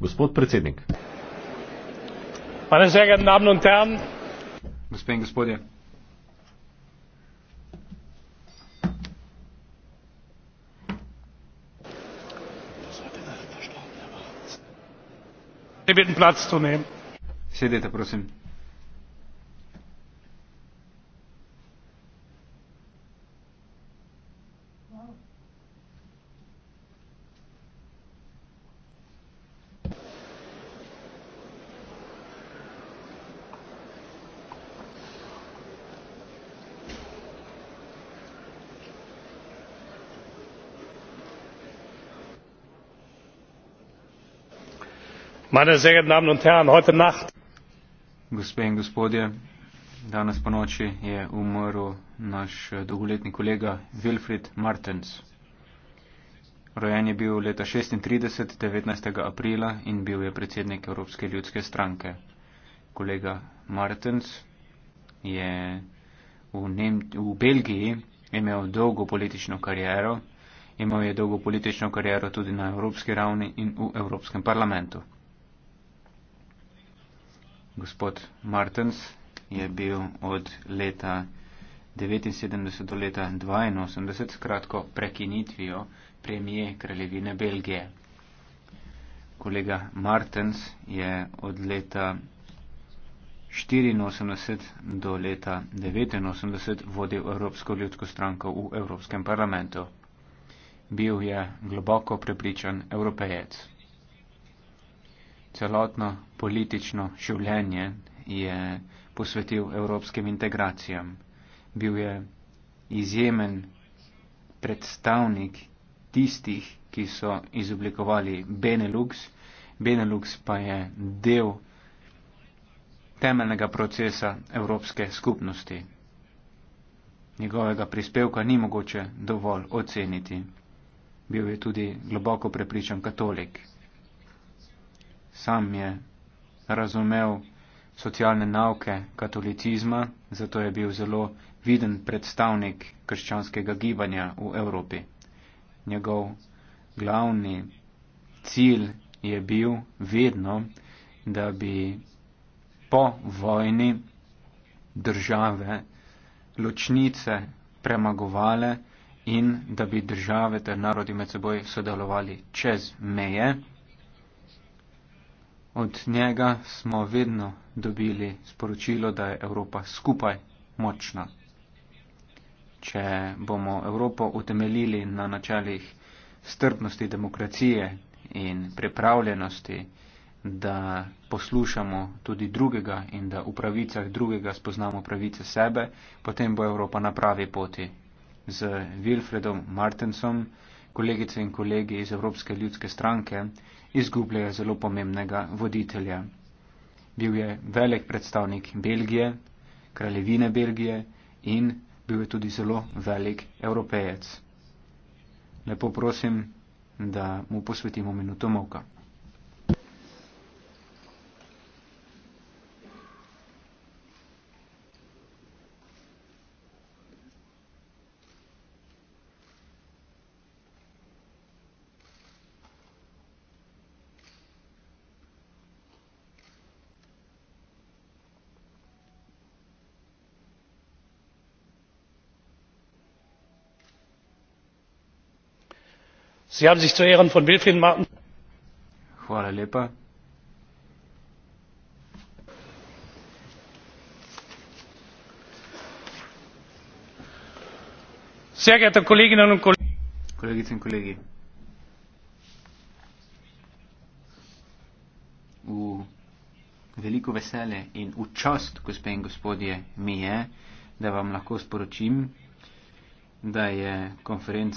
Gospod predsednik. Meine sehr geehrten Damen und Herren. Gospodin, gospodje. Sie bitten Platz zu nehmen. Sedete, prosim. gospe in gospodje danes ponoči je umrl naš dolgoletni kolega Wilfried Martens. Rojen je bil leta 36, 19. aprila in bil je predsednik Evropske ljudske stranke. Kolega Martens je v, Nem v Belgiji imel dolgo politično kariero, imel je dolgo politično kariero tudi na evropski ravni in v Evropskem parlamentu. Gospod Martens je bil od leta 79 do leta 82 s kratko prekinitvijo premije Kraljevine Belgije. Kolega Martens je od leta 84 do leta 89 vodil Evropsko ljudsko stranko v Evropskem parlamentu. Bil je globoko prepričan evropejec celotno politično življenje je posvetil evropskim integracijam. Bil je izjemen predstavnik tistih, ki so izoblikovali Benelux. Benelux pa je del temeljnega procesa Evropske skupnosti. Njegovega prispevka ni mogoče dovolj oceniti. Bil je tudi globoko prepričan katolik sam je razumel socialne nauke katolicizma, zato je bil zelo viden predstavnik krščanskega gibanja v Evropi. Njegov glavni cilj je bil vedno, da bi po vojni države ločnice premagovale in da bi države ter narodi med seboj sodelovali čez meje. Od njega smo vedno dobili sporočilo, da je Evropa skupaj močna. Če bomo Evropo utemeljili na načelih strpnosti, demokracije in pripravljenosti, da poslušamo tudi drugega in da v pravicah drugega spoznamo pravice sebe, potem bo Evropa na pravi poti. Z Wilfredom Martensom kolegice in kolegi iz Evropske ljudske stranke izgubljajo zelo pomembnega voditelja. Bil je velik predstavnik Belgije, kraljevine Belgije in bil je tudi zelo velik evropejec. Lepo prosim, da mu posvetimo minuto moka. sie haben sich zu ehren von wilfried martens. hvala lepa. sehr geehrte kolleginnen und kollegen kolegice in kolegi v veliko veselje in v čast gospe in gospodje mi je da vam lahko sporočim da je konferenca